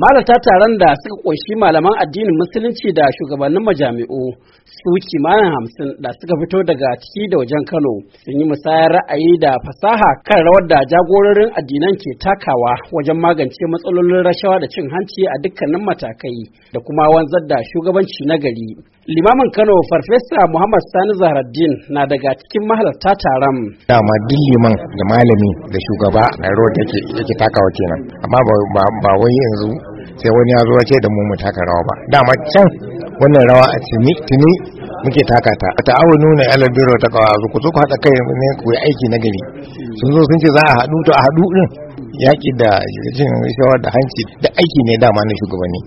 Malata taron da suka ƙunshi malaman addinin musulunci da shugabannin majami'u su kimanin hamsin da suka fito daga ciki da wajen Kano sun yi musayar ra'ayi da fasaha kan rawar da jagororin addinan ke takawa wajen magance matsalolin rashawa da cin hanci a dukkanin matakai da kuma wanzar da shugabanci na gari. Limamin Kano Farfesa Muhammad Sani Zahraddin na daga cikin mahalarta taron. Dama duk liman da malami da shugaba na rawar da yake takawa kenan amma ba wai yanzu sai wani ya zo ce da mu mu taka rawa ba dama can wannan rawa a tini tini muke taka ta ta awu nuna yalar biro ta kawa ku zo ku haɗa kai ne ku yi aiki na gari sun zo sun ce za a haɗu to a haɗu din yaƙi da cin rashawa da hanci da aiki ne dama na shugabanni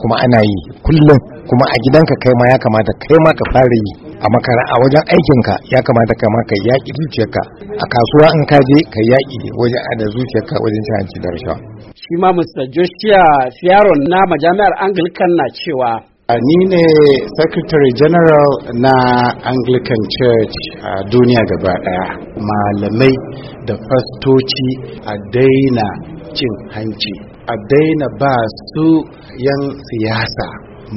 kuma ana yi kullum kuma a gidanka kai ma ya kamata kai ma ka fara yi a makara a wajen aikinka ya kamata kai ma ka yaƙi zuciyarka a kasuwa in ka je ka yaƙi wajen da zuciyarka wajen cin hanci da rashawa shi ma Mr. Joshua fiyaron na majami'ar Anglican na cewa ni ne secretary general na anglican church a duniya gaba daya malamai da fastoci a daina cin hanci a daina ba su yan siyasa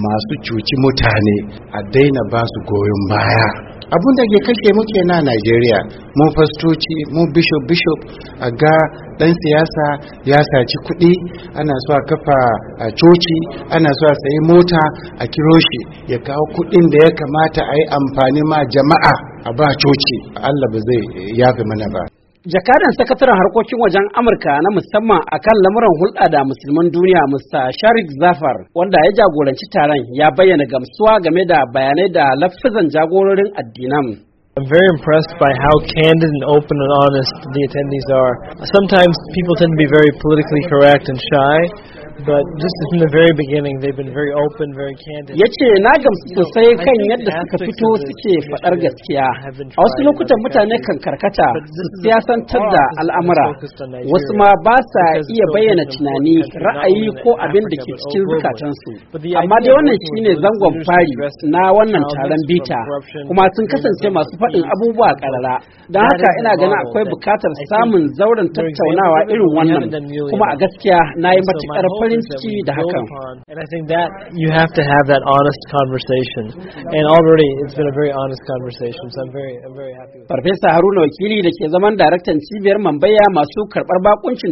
masu cuci mutane a daina ba su goyon baya abun da ke kashe muke na Najeriya mu fastoci mu bishop bishop a ga dan siyasa ya saci kuɗi ana so a kafa a coci ana so a sayi mota a kiroshi ya kawo kuɗin da ya kamata a yi amfani ma jama'a a ba coci Allah ba zai yafe mana ba Jakadan sakataren harkokin wajen Amurka na musamman akan lamuran hulɗa da musulman duniya Mr. Sharik Zafar wanda ya jagoranci taron ya bayyana gamsuwa game da bayanai da lafizan jagororin addinan. I'm very impressed by how candid and open and honest the attendees are. Sometimes people tend to be very politically correct and shy, But just from the very beginning, they've been very open, very candid. Ya ce na gamsu sosai kan yadda suka fito suke faɗar gaskiya. A wasu lokutan mutane kan karkata su siyasantar da al'amura. Wasu ma ba sa iya bayyana tunani, ra'ayi ko abin da ke cikin zukatansu. Amma dai wannan shine zangon fari na wannan taron bita, kuma sun kasance masu faɗin abubuwa karara. Don haka ina ganin akwai buƙatar samun zauren tattaunawa irin wannan, kuma a gaskiya na yi matuƙar would And I think that you have to have that honest conversation. And already it's been a very honest conversation, so I'm very I'm very happy with Farfesa Haruna Wakili da ke zaman daraktan cibiyar Mambaya masu karɓar bakuncin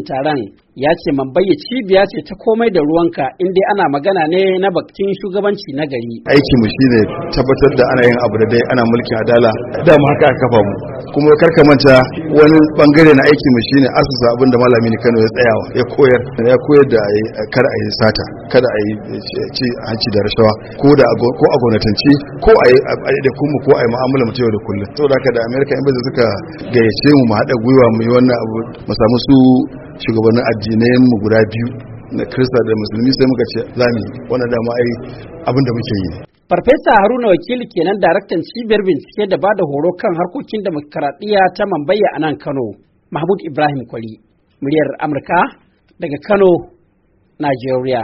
ya ce mambayi cibiya ce ta komai da ruwanka in dai ana magana ne na bakin shugabanci na gari aiki mu shine tabbatar da ana yin abu da dai ana mulkin adala da mu haka kafa mu kuma karka manta wani bangare na aiki mu shine asusa abin da malami Kano ya tsayawa ya koyar ya koyar da kar a yi sata kada a yi eh, ci hanci da rashawa ko da ko a gwamnatanci ko a yi da kuma ko a yi mu'amala mu yau da kullum saboda haka da America in ba suka gayyace mu mu haɗa gwiwa mu yi wannan abu mu samu su shugabannin addinayen mu guda biyu na krista da musulmi sai muka ce za mu wani dama ai abin da muke yi Farfesa Haruna Wakili kenan daraktan cibiyar bincike da ba da horo kan harkokin demokaradiyya ta Mambaya a nan Kano, Mahmud Ibrahim Kwari, muryar Amurka daga Kano, Nigeria.